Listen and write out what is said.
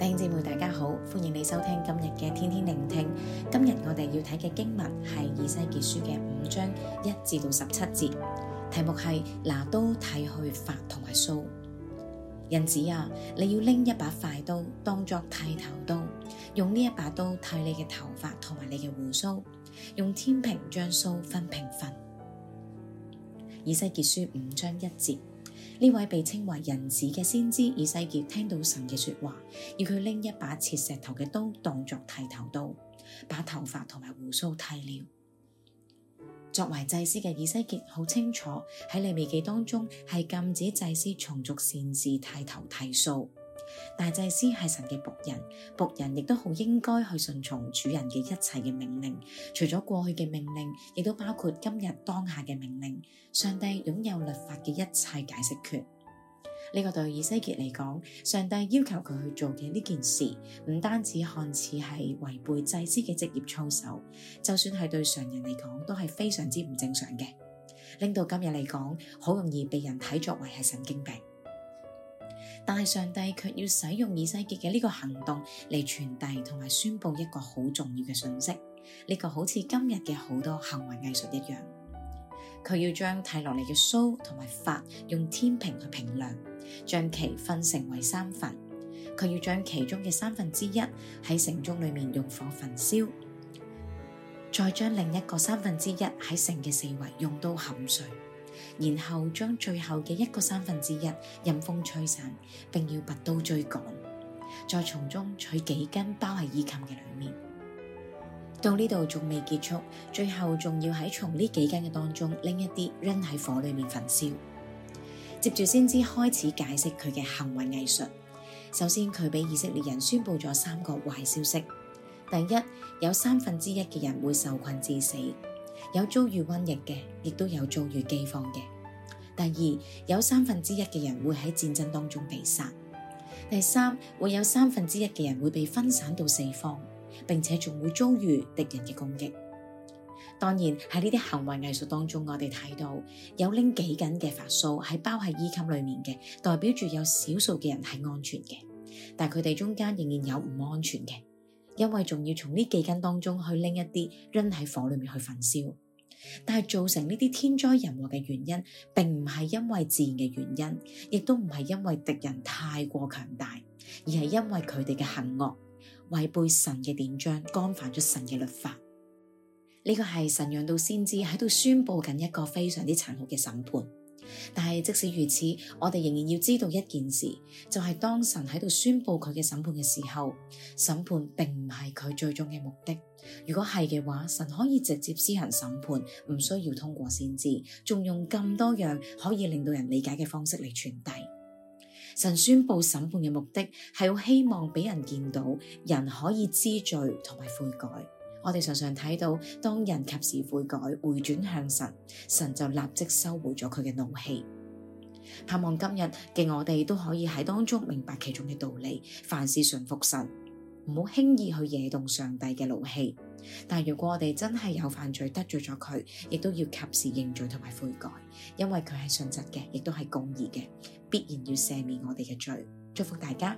弟兄姊妹，大家好，歡迎你收聽今日嘅天天聆聽。今日我哋要睇嘅經文係《以西結書》嘅五章一至到十七節，題目係拿刀剃去髮同埋鬚。人子啊，你要拎一把快刀，當作剃頭刀，用呢一把刀剃你嘅頭髮同埋你嘅鬍鬚，用天平將鬚髮平分。《以西結書》五章一節。呢位被稱為人子嘅先知以西結聽到神嘅說話，要佢拎一把切石頭嘅刀當作剃頭刀，把頭髮同埋鬍鬚剃了。作為祭司嘅以西結好清楚喺利未記當中係禁止祭司從俗擅自剃頭剃鬚。剔大祭司係神嘅僕人，僕人亦都好應該去順從主人嘅一切嘅命令，除咗過去嘅命令，亦都包括今日當下嘅命令。上帝擁有律法嘅一切解釋權。呢、這個對以西結嚟講，上帝要求佢去做嘅呢件事，唔單止看似係違背祭司嘅職業操守，就算係對常人嚟講都係非常之唔正常嘅，令到今日嚟講，好容易被人睇作為係神經病。但係上帝卻要使用以西結嘅呢個行動嚟傳遞同埋宣布一個好重要嘅信息，呢、這個好似今日嘅好多行為藝術一樣。佢要將剃落嚟嘅鬚同埋髮用天平去平量，將其分成為三份。佢要將其中嘅三分之一喺城中裏面用火焚燒，再將另一個三分之一喺城嘅四圍用刀砍碎。然後將最後嘅一個三分之一任風吹散，並要拔刀追趕，再從中取幾根包喺衣襟嘅裡面。到呢度仲未結束，最後仲要喺從呢幾根嘅當中拎一啲扔喺火裡面焚燒。接住先知開始解釋佢嘅行為藝術。首先佢俾以色列人宣布咗三個壞消息：第一，有三分之一嘅人會受困致死。有遭遇瘟疫嘅，亦都有遭遇饑荒嘅。第二，有三分之一嘅人會喺戰爭當中被殺。第三，會有三分之一嘅人會被分散到四方，並且仲會遭遇敵人嘅攻擊。當然喺呢啲行為藝術當中，我哋睇到有拎幾根嘅髮鬚係包喺衣襟裏面嘅，代表住有少數嘅人係安全嘅，但佢哋中間仍然有唔安全嘅。因為仲要從呢幾根當中去拎一啲，扔喺火裏面去焚燒。但係造成呢啲天災人禍嘅原因，並唔係因為自然嘅原因，亦都唔係因為敵人太過強大，而係因為佢哋嘅行惡，違背神嘅典章，干犯咗神嘅律法。呢個係神讓到先知喺度宣布緊一個非常之殘酷嘅審判。但係即使如此，我哋仍然要知道一件事，就係當神喺度宣布佢嘅審判嘅時候，審判並唔係佢最終嘅目的。如果係嘅話，神可以直接施行審判，唔需要通過先知，仲用咁多樣可以令到人理解嘅方式嚟傳遞。神宣布審判嘅目的係要希望俾人見到，人可以知罪同埋悔改。我哋常常睇到，當人及時悔改，回轉向神，神就立即收回咗佢嘅怒氣。盼望今日，嘅我哋都可以喺當中明白其中嘅道理。凡事順服神，唔好輕易去惹動上帝嘅怒氣。但如果我哋真係有犯罪得罪咗佢，亦都要及時認罪同埋悔改，因為佢係信實嘅，亦都係公義嘅，必然要赦免我哋嘅罪。祝福大家。